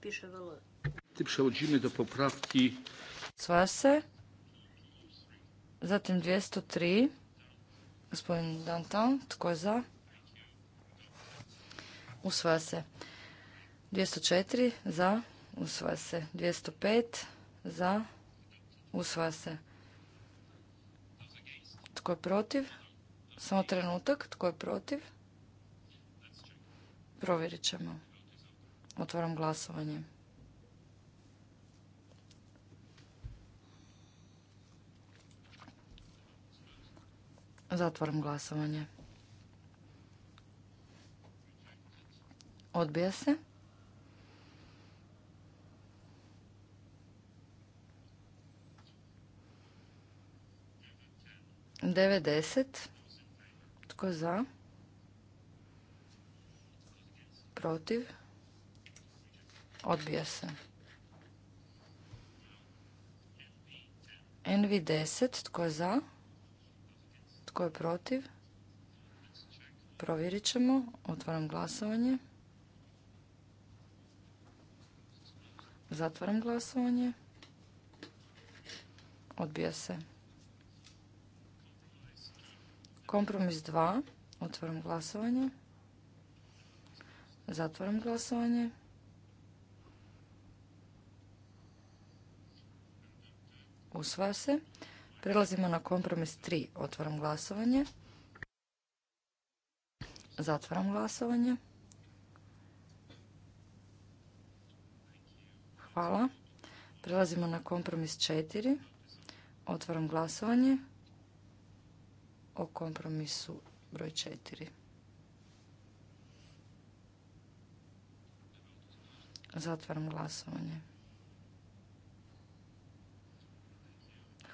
piše Przechodzimy do poprawki. Sva se. Zatim 203. Gospodin Dantan, tko je za? Usvaja se. 204 za, usvaja se. 205 za, Usva se. Tko je protiv? Samo trenutak, tko je protiv? Provjerit ćemo. Otvaram glasovanje. Zatvaram glasovanje. Odbija se. Devedeset. Tko za? Protiv? Odbija se. NV10. Tko je za? Tko je protiv? Provjerit ćemo. Otvaram glasovanje. Zatvaram glasovanje. Odbija se. Kompromis 2. Otvaram glasovanje. Zatvaram glasovanje. Usvaja se. Prelazimo na kompromis 3. Otvaram glasovanje. Zatvaram glasovanje. Hvala. Prelazimo na kompromis 4. Otvaram glasovanje o kompromisu broj 4. Zatvaram glasovanje.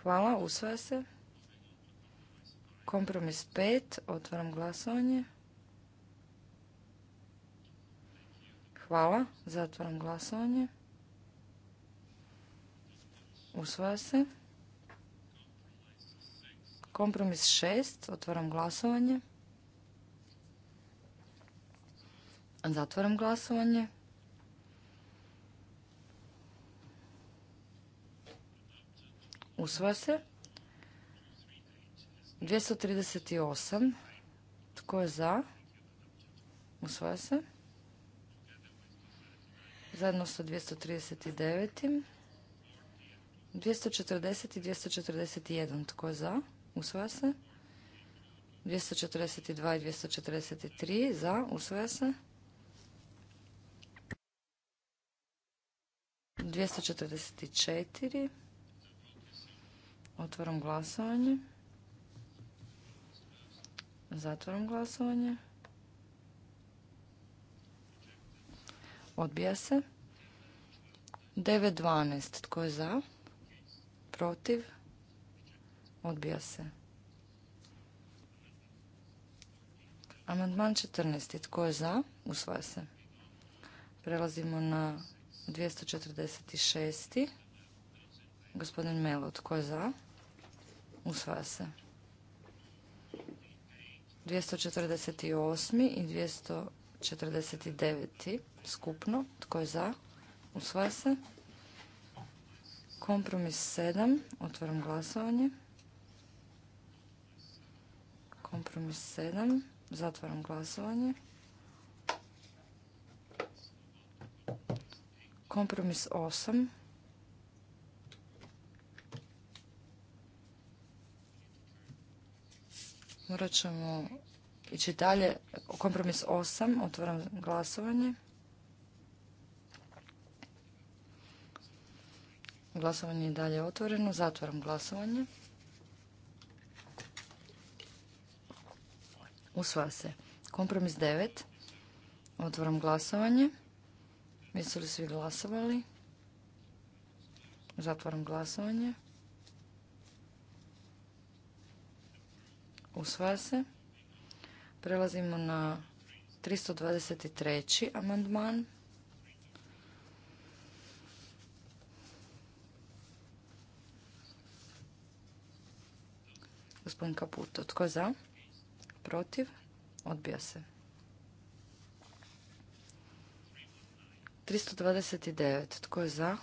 Hvala, usvaja se. Kompromis 5, otvaram glasovanje. Hvala, zatvaram glasovanje. Usvaja se. Kompromis 6, otvaram glasovanje. Zatvaram glasovanje. Usvaja se. 238. Tko je za? Usvaja se. Zajedno sa 239. 240 i 241. Tko je za? Usvaja se. 242 i 243. Za? Usvaja se. 244. Otvaram glasovanje. Zatvaram glasovanje. Odbija se. 9.12. Tko je za? Protiv? Odbija se. Amandman 14. Tko je za? Usvaja se. Prelazimo na 246. Gospodin Melo, tko je za? Usvaja se. 248. i 249. skupno. Tko je za? Usvaja se. Kompromis 7. Otvaram glasovanje. Kompromis 7. Zatvaram glasovanje. Kompromis 8. Morat ćemo ići dalje. Kompromis 8. Otvoram glasovanje. Glasovanje je dalje otvoreno. Zatvaram glasovanje. Usvaja se. Kompromis 9. Otvaram glasovanje. Jesu li svi glasovali? Zatvaram glasovanje. Usvaja se. Prelazimo na 323. amandman. Gospodin Kaputo, tko je za? Protiv? Odbija se. 329. Tko je za?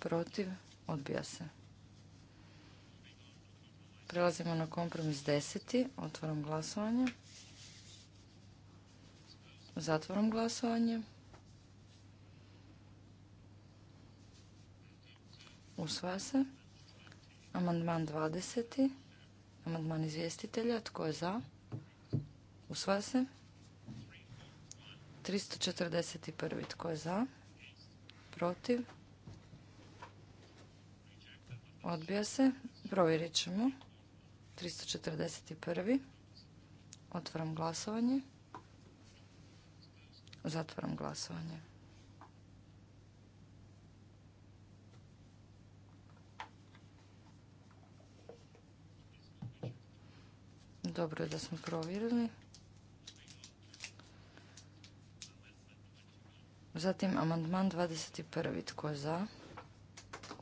Protiv? Odbija se. Prelazimo na kompromis deseti. Otvaram glasovanje. Zatvaram glasovanje. Usvaja se. Amandman 20. Amandman izvjestitelja. Tko je za? Usvaja se. 341. Tko je za? Protiv? Odbija se. Provjerit ćemo. 341. Otvaram glasovanje. Zatvaram glasovanje. Dobro je da smo provjerili. Zatim amandman 21. Tko je za?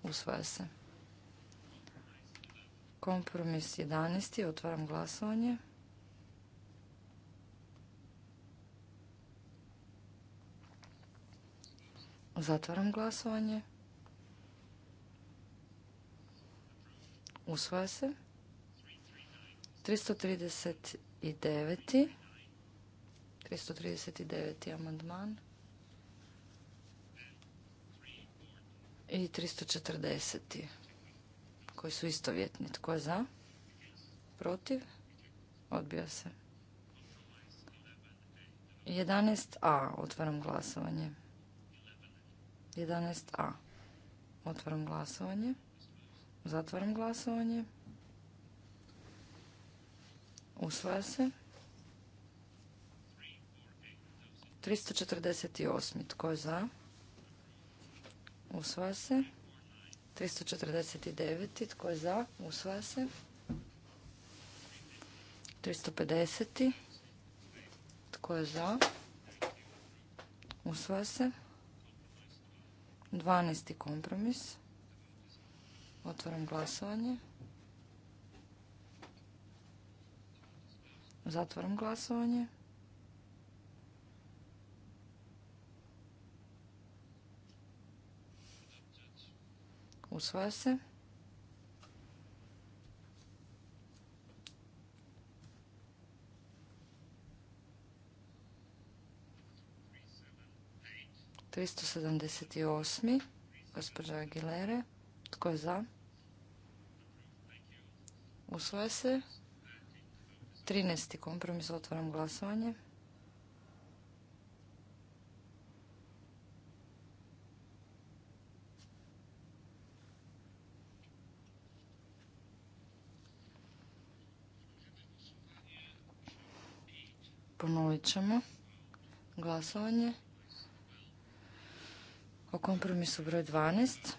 Usvaja se. Kompromis 11. Otvaram glasovanje. Zatvaram glasovanje. Usvaja se. 339. 339. amandman. I 340 koji su istovjetni. Tko je za? Protiv? Odbija se. 11a. Otvaram glasovanje. 11a. Otvaram glasovanje. Zatvaram glasovanje. Usvaja se. 348. Tko je za? Usvaja se. 349. Tko je za? Usvaja se. 350. Tko je za? Usvaja se. 12. kompromis. Otvaram glasovanje. Zatvaram glasovanje. Usvaja se. Tristo sedamdeset osam gospođa Aguilere. Tko je za? Usvaja se. 13. kompromis otvaram glasovanje. Ponovit ćemo glasovanje o kompromisu broj 12.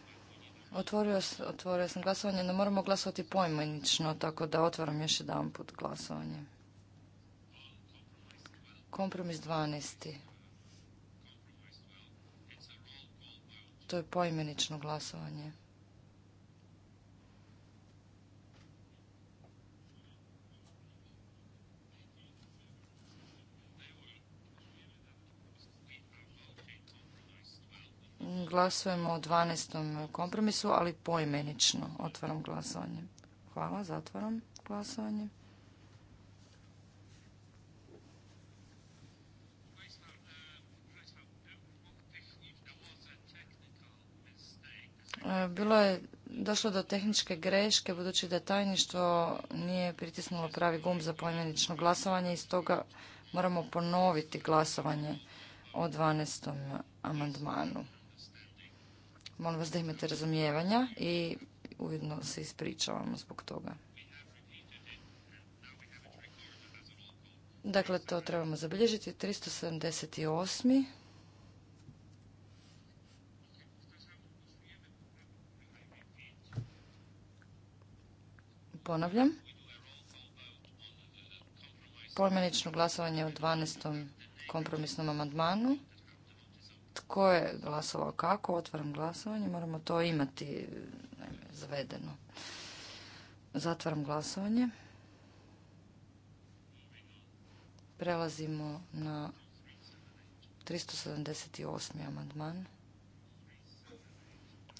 Otvorio, sam glasovanje, Ne moramo glasovati poimenično tako da otvaram još jedan put glasovanje. Kompromis 12. To je poimenično glasovanje. Glasujemo o 12. kompromisu, ali poimenično. Otvaram glasovanje. Hvala, zatvaram glasovanje. E, bilo je došlo do tehničke greške budući da tajništvo nije pritisnulo pravi gumb za poimenično glasovanje i stoga moramo ponoviti glasovanje o 12. amandmanu. Molim vas da imate razumijevanja i ujedno se ispričavamo zbog toga. Dakle, to trebamo zabilježiti. 378. Ponavljam. Pojmenično glasovanje o 12. kompromisnom amandmanu ko je glasovao kako, otvaram glasovanje, moramo to imati zavedeno. Zatvaram glasovanje. Prelazimo na 378. amandman.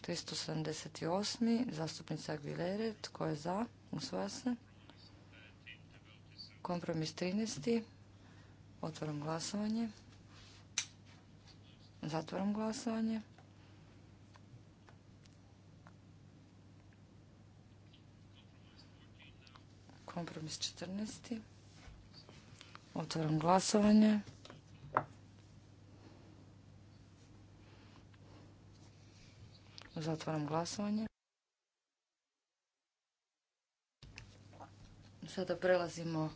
378. zastupnica Aguilere, tko je za? Usvaja se. Kompromis 13. Otvaram glasovanje. Zatvaram glasovanje. Kompromis 14. Otvaram glasovanje. Zatvaram glasovanje. Sada prelazimo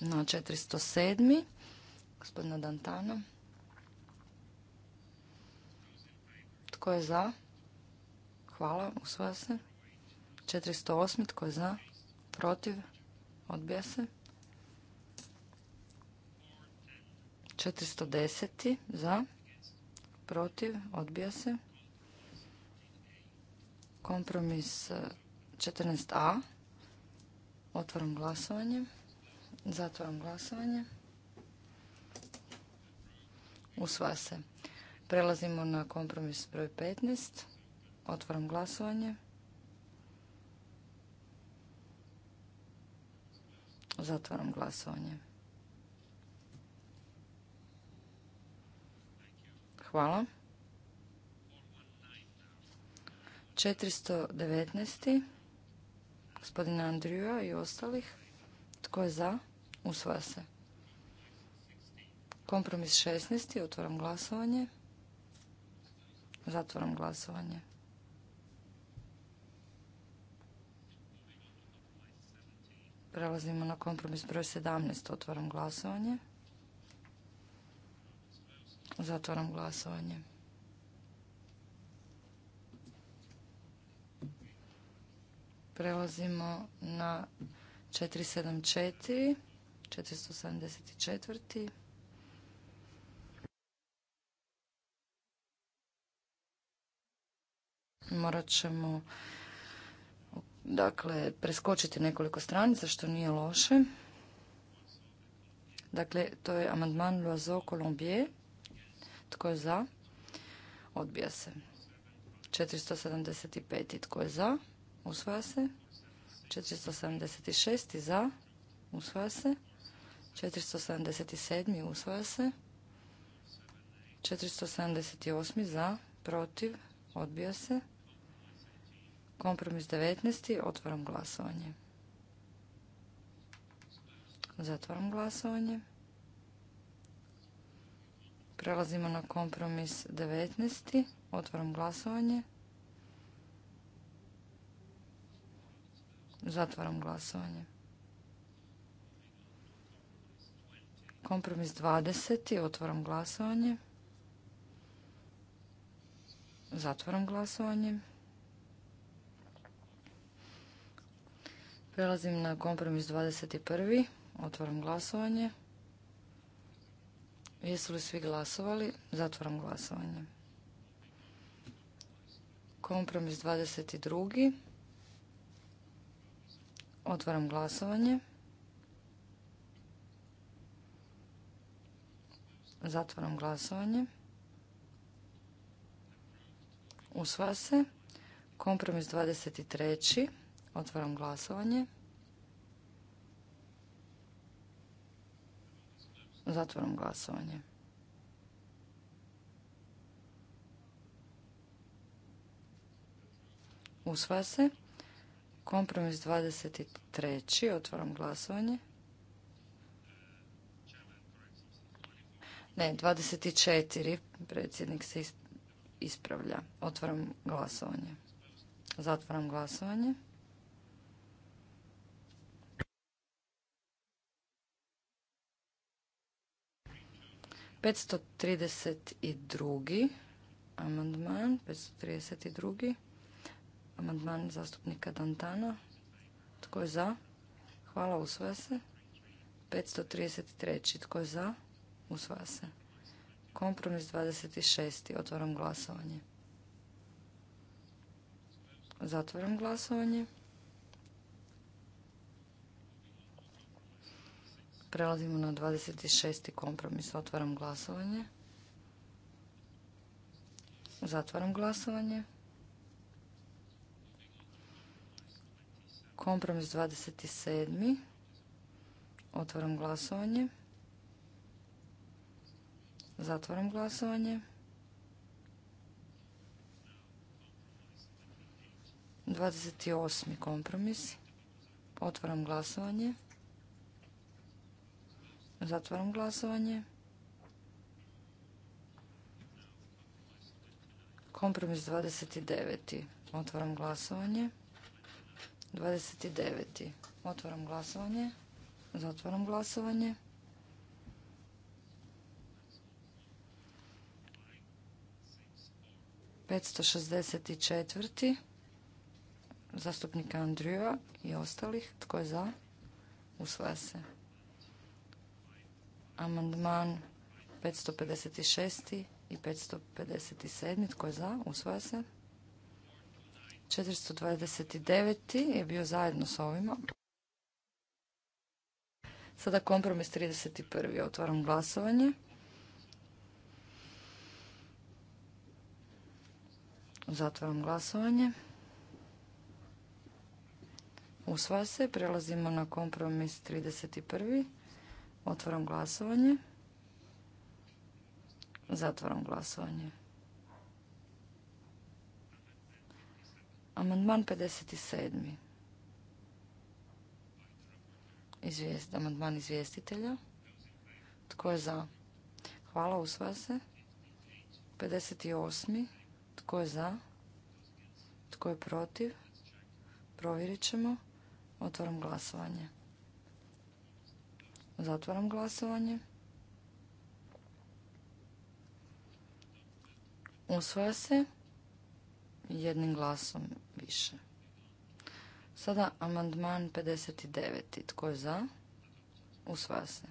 na 407. gospodina Dantana. Tko je za? Hvala, usvaja se. 408. Tko je za? Protiv? Odbija se. 410. Za? Protiv? Odbija se. Kompromis 14a. E, Otvaram glasovanje. Zatvaram glasovanje. Usvaja se. Prelazimo na kompromis broj 15. Otvaram glasovanje. Zatvaram glasovanje. Hvala. 419. Gospodina Andrija i ostalih. Tko je za? Usvaja se. Kompromis 16. Otvaram glasovanje. Zatvoram glasovanje. Prelazimo na kompromis broj 17. otvorom glasovanje. Zatvaram glasovanje. Prelazimo na 474, 474. Morat ćemo dakle, preskočiti nekoliko stranica, što nije loše. Dakle, to je amandman Loiseau Colombier. Tko je za? Odbija se. 475. Tko je za? Usvaja se. 476. Za? Usvaja se. 477. Usvaja se. 478. Za? Protiv? Odbija se. Kompromis 19. Otvaram glasovanje. Zatvaram glasovanje. Prelazimo na kompromis 19. Otvaram glasovanje. Zatvaram glasovanje. Kompromis 20. Otvaram glasovanje. Zatvaram glasovanje. Prelazim na kompromis 21. Otvaram glasovanje. Jesu li svi glasovali? Zatvaram glasovanje. Kompromis 22. Otvaram glasovanje. Zatvaram glasovanje. Usva se. Kompromis 23. Otvaram glasovanje. Zatvaram glasovanje. Usvaja se. Kompromis 23. Otvaram glasovanje. Ne, 24. Predsjednik se ispravlja. Otvaram glasovanje. Zatvaram glasovanje. 532. amandman, 532. amandman zastupnika Dantana. Tko je za? Hvala, usvaja se. 533. Tko je za? Usvaja se. Kompromis 26. Otvaram glasovanje. Zatvaram glasovanje. Prelazimo na 26. kompromis. Otvaram glasovanje. Zatvaram glasovanje. Kompromis 27. Otvaram glasovanje. Zatvaram glasovanje. 28. kompromis. Otvaram glasovanje. Zatvaram glasovanje. Kompromis 29. Otvaram glasovanje. 29. Otvaram glasovanje. Zatvaram glasovanje. Petsto šestdeset četiri zastupnika Andrija i ostalih. Tko je za? Usvaja se. Amandman 556. i 557. Tko je za? Usvaja se. 429. je bio zajedno s ovima. Sada kompromis 31. Otvaram glasovanje. Zatvaram glasovanje. Usvaja se. Prelazimo na kompromis 31. Otvaram glasovanje. Zatvaram glasovanje. Amandman 57. amandman izvjestitelja. Tko je za? Hvala, usvaja se. 58. Tko je za? Tko je protiv? Provjerit ćemo. Otvaram glasovanje. Zatvaram glasovanje. Usvaja se jednim glasom više. Sada amandman 59. Tko je za? Usvaja se.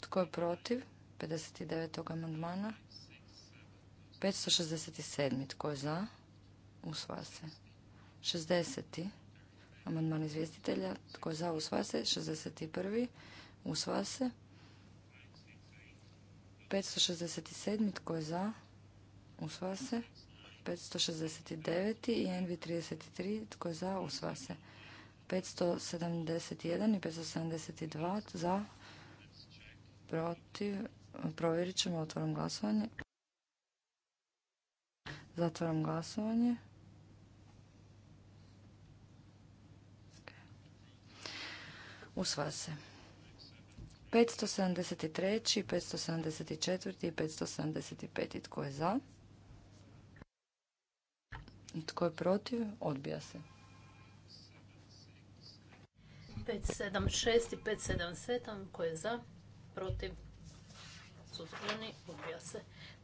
Tko je protiv 59. amandmana? 567. Tko je za? Usvaja se. 60. Amandman izvjestitelja. Tko je za? usvase. se. 61. usva se. 567. Tko je za? usva se. 569. i NV33. Tko je za? usvase. se. 571 i 572 za, protiv, provjerit ćemo, otvorom glasovanje. Zatvaram glasovanje. Usva se. 573, 574 i 575. Tko je za? Tko je protiv? Odbija se. 576 i 577. Tko je za? Protiv? Suzdržani? Odbija se.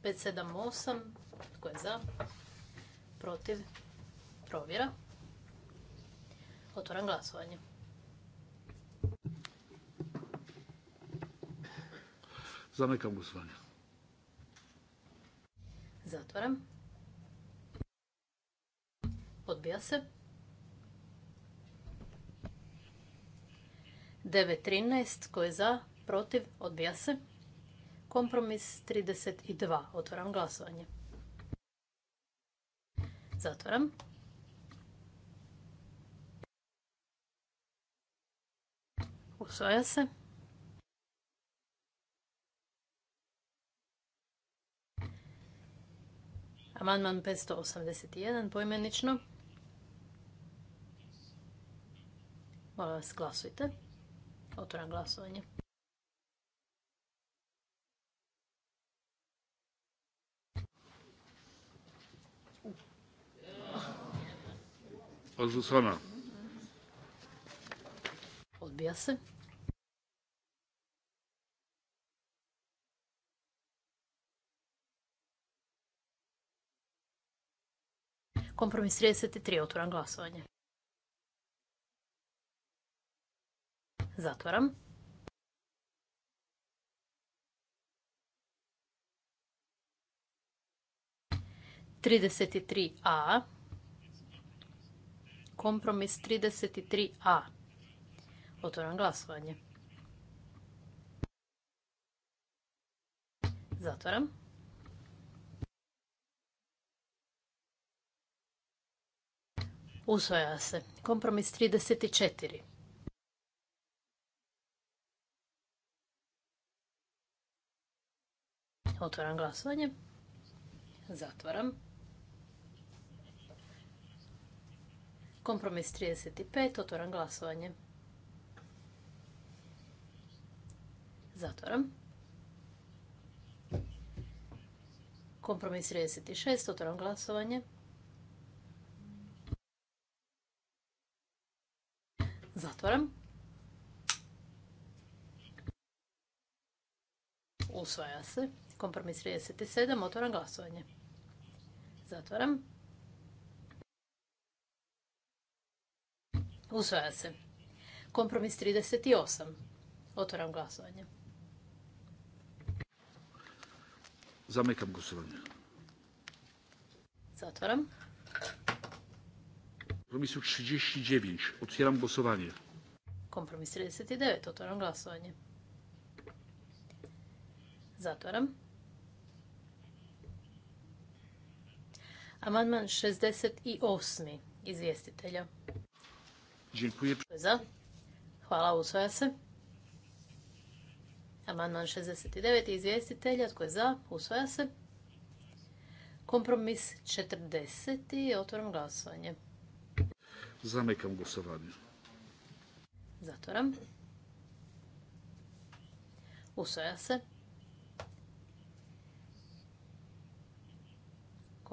578. Tko je za? Protiv? Provjera. Otvoram glasovanje. Zamekam glasovanje. Zatvaram. Odbija se. 9.13. ko je za? Protiv? Odbija se. Kompromis 32. Otvaram glasovanje. Zatvaram. Usvaja se. Amandman 581 poimenično. Molim vas glasujte. Otvoram glasovanje. Odbija se. Kompromis 33. Otvoram glasovanje. Zatvoram. Trideset A. Kompromis trideset A. Otvoram glasovanje. Zatvoram. Usvaja se. Kompromis 34. Otvaram glasovanje. Zatvaram. Kompromis 35. Otvaram glasovanje. Zatvaram. Kompromis 36. Otvaram glasovanje. Usvaja se. Kompromis 37. Otvoram glasovanje. zatvaram. Usvaja se. Kompromis 38. Otvoram glasovanje. Zamekam glasovanje. Zatvoram. Kompromisu 39. Otvoram glasovanje. Kompromis 39. Otvoram glasovanje. Zatvaram. Amandman 68. izvjestitelja. Za. Hvala, usvoja se. Amandman 69. izvjestitelja. Tko je za? usvoja se. Kompromis 40. Otvoram glasovanje. Zamekam glasovanje. Zatvoram. Usvoja se.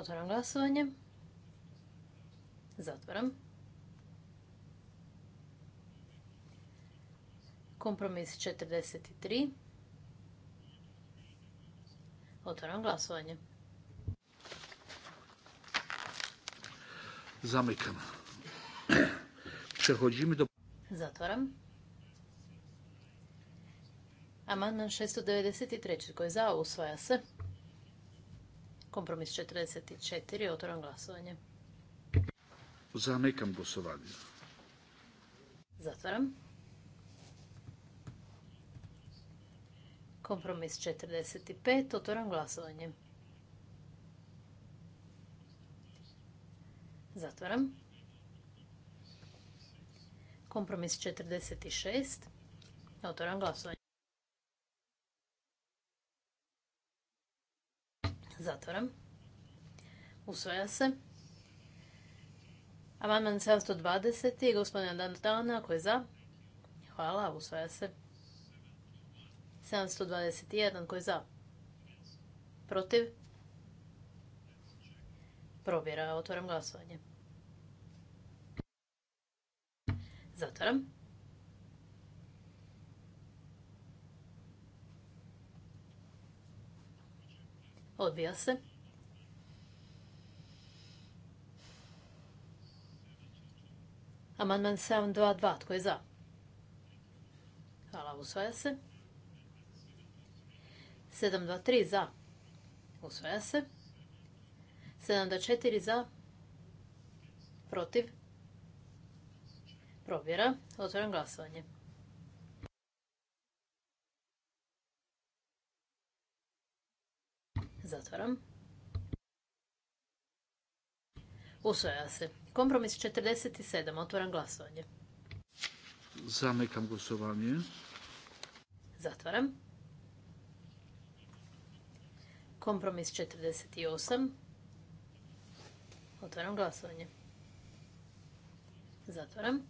Otvaram glasovanje. Zatvaram. Kompromis 43. Otvaram glasovanje. Zamykam. Przechodzimy do... Zatvaram. Amandman 693. koji zao za, usvaja se. Kompromis 44. Otvoram glasovanje. Zamekam glasovanje. Zatvaram. Kompromis 45. Otvoram glasovanje. Zatvaram. Kompromis 46. Otvoram glasovanje. Zatvoram. Usvaja se. Amandman 720. Gospodina Dantana, ako je za? Hvala, usvaja se. 721, ko je za? Protiv? Provjera. otvaram glasovanje. Zatvaram. Odbija se. Amandman 722. Tko je za? Hvala. Usvaja se. 723 za. Usvaja se. 724 za. Protiv. Provjera. Otvoram glasovanje. Zatvaram. Usvaja se. Kompromis 47. Otvaram glasovanje. Zamekam glasovanje. Zatvaram. Kompromis 48. Otvaram glasovanje. Zatvaram.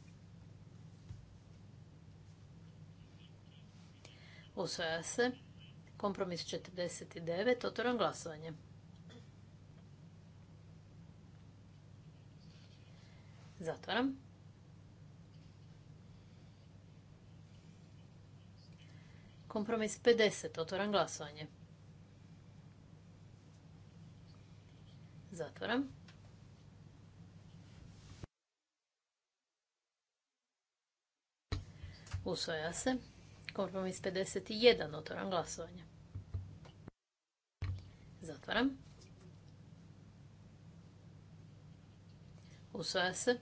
Usvaja se. Kompromis 49. Otvoram glasovanje. Zatvaram. Kompromis 50. Otvoram glasovanje. Zatvaram. Usvoja se. Kompromis 51. Otvoram glasovanje. Zatvaram. Usvaja se.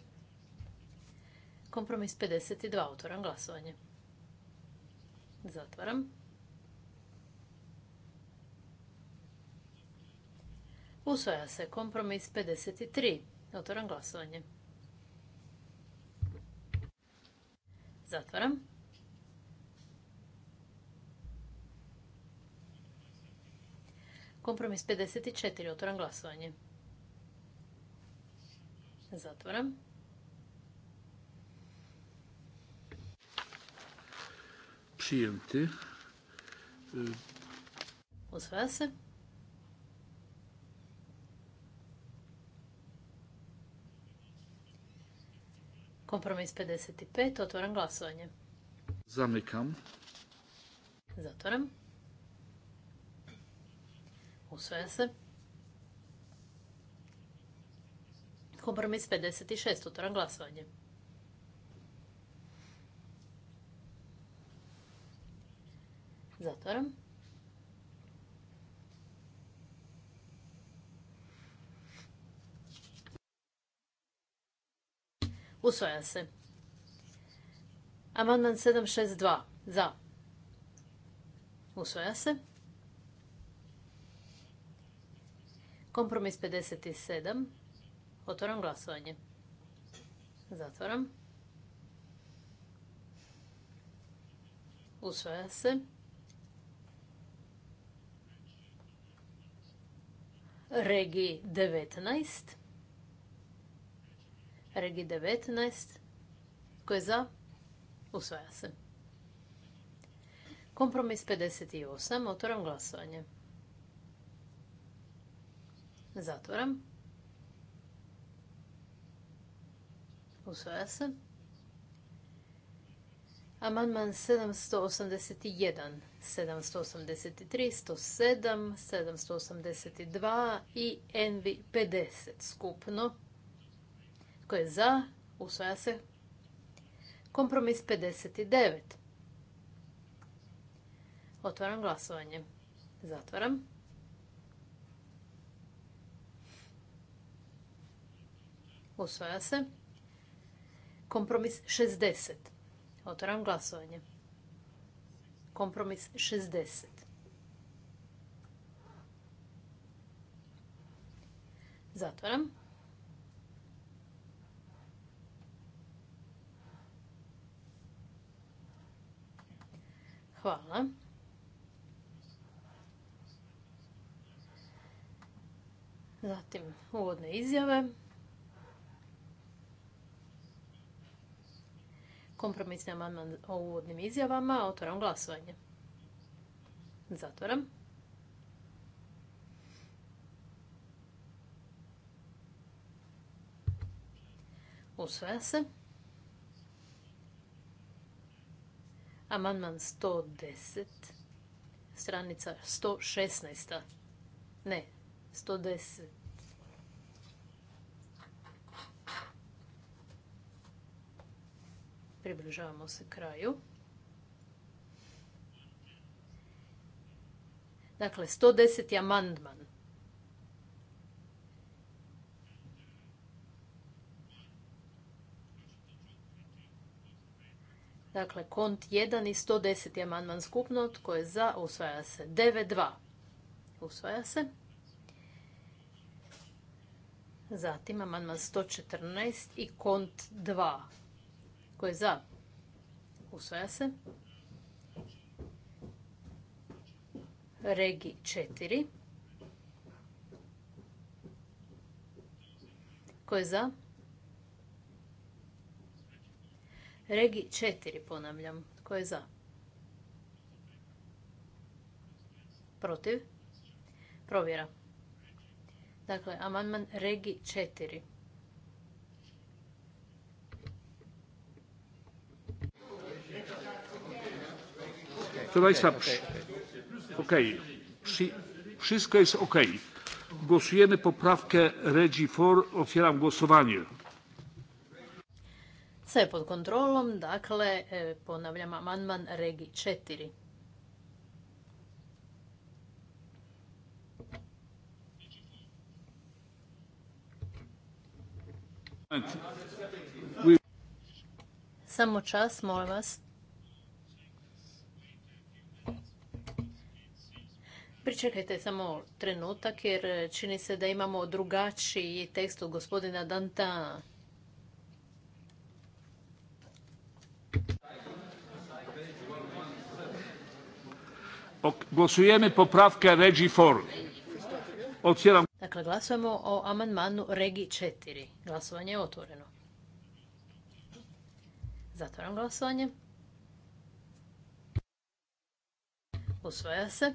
Kompromis 52. Otvoram glasovanje. Zatvaram. Usvaja se. Kompromis 53. Otvoram glasovanje. Zatvaram. Kompromis 54. Otvoram glasovanje. Zatvoram. te. Usvaja se. Kompromis 55. Otvoram glasovanje. Zamikam. Zatvoram. Usvaja se. Kompromis 56. Utoran glasovanje. Zatvaram. Usvaja se. Amandman 762. Za. Usvaja se. Kompromis 57. Otvoram glasovanje. Zatvoram. Usvaja se. Regi 19. Regi 19. Koje je za? Usvaja se. Kompromis 58. Otvoram glasovanje. Zatvoram. Usvaja se. Amandman 781, 783, 107, 782 i Envi 50 skupno. Koje je za? Usvaja se. Kompromis 59. Otvaram glasovanje. Zatvaram. Usvaja se. Kompromis 60. Otvaram glasovanje. Kompromis 60. Zatvaram. Hvala. Zatim uvodne izjave. Kompromisni amandman o uvodnim izjavama. Otvaram glasovanje. Zatvaram. Usvaja se. Amandman 110. Stranica 116. Ne, 110. Približavamo se kraju. Dakle, 110. amandman. Dakle, kont 1 i 110. amandman skupno, tko je za, usvaja se. 9.2. Usvaja se. Zatim amandman 114 i kont 2. Tko je za? Usvaja se. Regi četiri. Tko je za? Regi četiri ponavljam. Tko je za? Protiv? Provjera. Dakle, amandman Regi četiri. Proszę Państwa, okej, wszystko jest okej. Głosujemy poprawkę Regi for. Otwieram głosowanie. Sve pod kontrolom, dakle, e, ponavljam amandman Regi 4. Samo čas, molim vas. Pričekajte samo trenutak jer e, čini se da imamo drugačiji tekst od gospodina Danta. Glasujemo popravke Regi 4. Dakle, glasujemo o amandmanu Regi 4. Glasovanje je otvoreno. Zatvaram glasovanje. Usvoja se.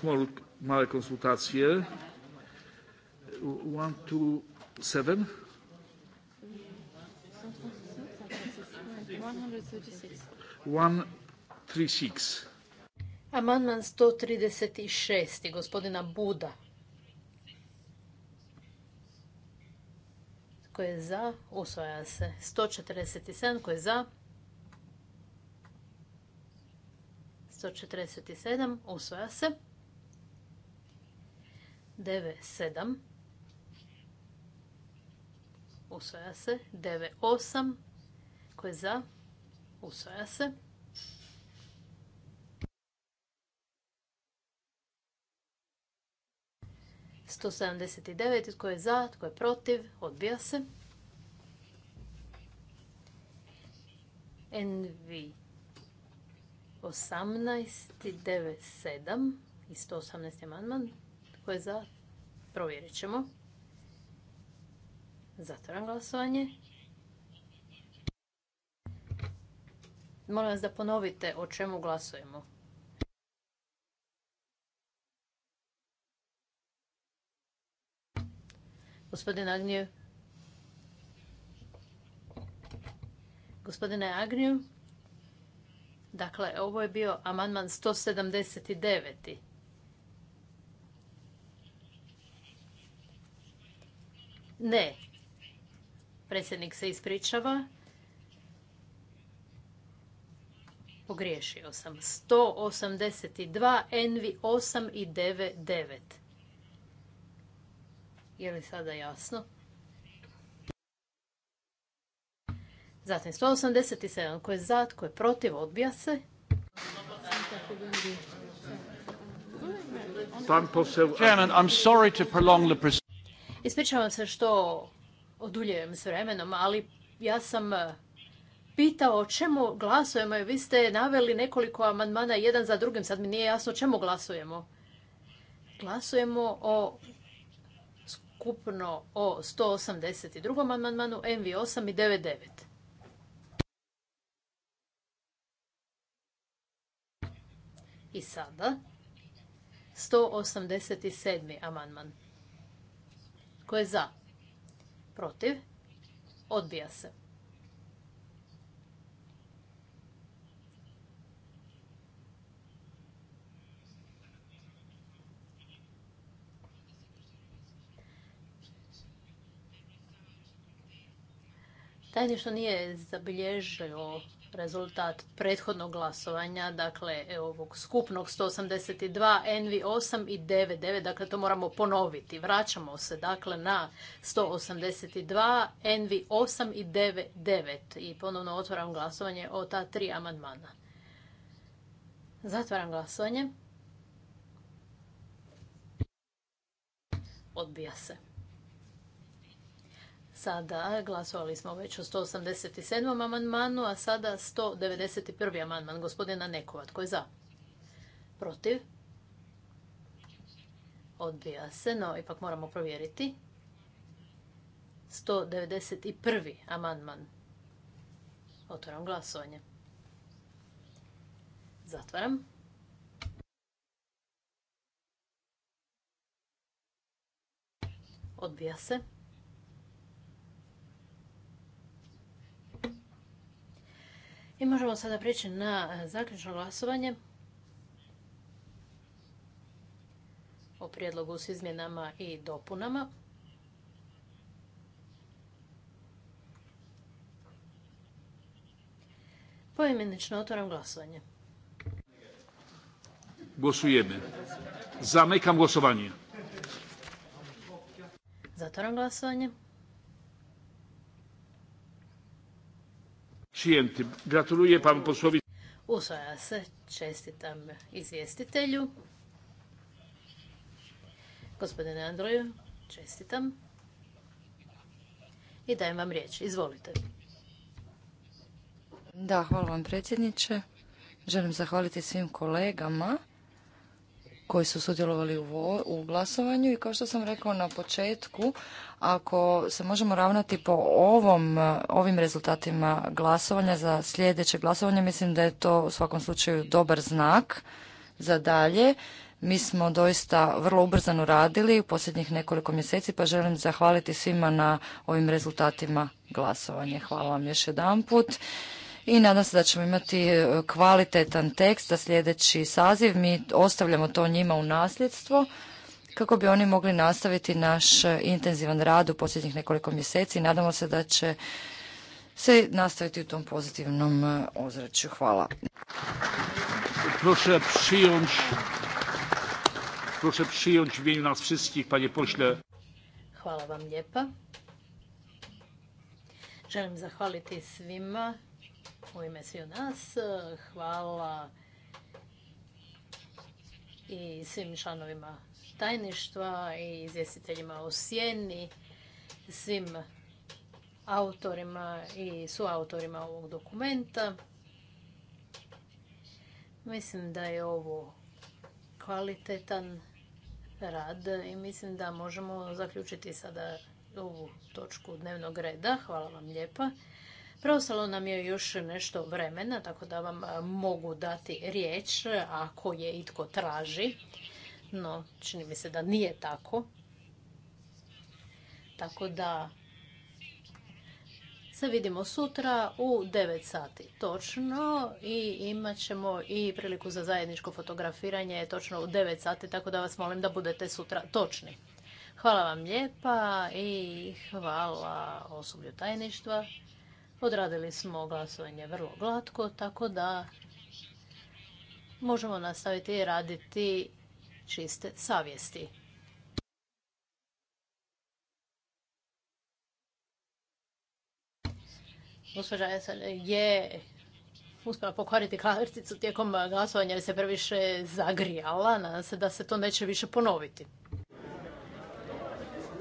small, małe konsultacje. One, two, seven. 136. Amandman 136. gospodina Buda. Tko je za? Usvaja se. 147. Tko je za? 147. Usvaja se. 9.7. Usvaja se. 9.8. Koje za? Usvaja se. Sto sedamdeset je za? Tko je protiv? Odbija se. NV 18.9.7 i 118. manman je za? Provjerit ćemo. zatvaram glasovanje. Molim vas da ponovite o čemu glasujemo. Gospodin Agnju. Gospodine Agniju. Dakle, ovo je bio amandman 179. Ne. Predsjednik se ispričava. Pogriješio sam. 182, Envi 8 i 99. Je li sada jasno? Zatim 187. Ko je za, ko je protiv, odbija se. Chairman, I'm sorry to prolong the Ispričavam se što oduljujem s vremenom, ali ja sam e, pitao o čemu glasujemo i vi ste naveli nekoliko amandmana jedan za drugim. Sad mi nije jasno o čemu glasujemo. Glasujemo o skupno o 182. amandmanu MV8 i 99. I sada 187. amandman. Tko je za? Protiv? Odbija se. ništa nije zabilježio rezultat prethodnog glasovanja, dakle e, ovog skupnog 182, nv 8 i 99, dakle to moramo ponoviti. Vraćamo se dakle na 182, nv 8 i 99 i ponovno otvaram glasovanje o ta tri amandmana. Zatvaram glasovanje. Odbija se. Sada glasovali smo već o 187. amandmanu, a sada 191. amandman gospodina Nekovat, Tko je za? Protiv? Odbija se, no ipak moramo provjeriti. 191. amandman. Otvaram glasovanje. Zatvaram. Odbija se. I možemo sada prijeći na e, zaključno glasovanje o prijedlogu s izmjenama i dopunama. Poimenično otvoram glasovanje. Glasujeme. Zamekam glasovanje. Zatvaram glasovanje. Przyjęty. Gratuluję panu posłowi. Usvaja se. Čestitam izvjestitelju. Gospodine Androju, čestitam. I dajem vam riječ. Izvolite. Da, hvala vam predsjedniče. Želim zahvaliti svim kolegama koji su sudjelovali u glasovanju i kao što sam rekao na početku, ako se možemo ravnati po ovom, ovim rezultatima glasovanja za sljedeće glasovanje, mislim da je to u svakom slučaju dobar znak za dalje. Mi smo doista vrlo ubrzano radili u posljednjih nekoliko mjeseci, pa želim zahvaliti svima na ovim rezultatima glasovanja. Hvala vam još jedan put i nadam se da ćemo imati e, kvalitetan tekst za sljedeći saziv. Mi ostavljamo to njima u nasljedstvo kako bi oni mogli nastaviti naš e, intenzivan rad u posljednjih nekoliko mjeseci. Nadamo se da će se nastaviti u tom pozitivnom e, ozračju. Hvala. Hvala vam lijepa. Želim zahvaliti svima u ime svih nas. Hvala i svim članovima tajništva i izvjestiteljima u sjeni, svim autorima i suautorima ovog dokumenta. Mislim da je ovo kvalitetan rad i mislim da možemo zaključiti sada ovu točku dnevnog reda. Hvala vam lijepa. Preostalo nam je još nešto vremena, tako da vam mogu dati riječ ako je itko traži. No, čini mi se da nije tako. Tako da se vidimo sutra u 9 sati točno i imat ćemo i priliku za zajedničko fotografiranje točno u 9 sati, tako da vas molim da budete sutra točni. Hvala vam lijepa i hvala osoblju tajništva. Odradili smo glasovanje vrlo glatko, tako da možemo nastaviti raditi čiste savjesti. Gospođa je uspjela pokvariti karticu tijekom glasovanja jer se previše zagrijala. Nadam se da se to neće više ponoviti.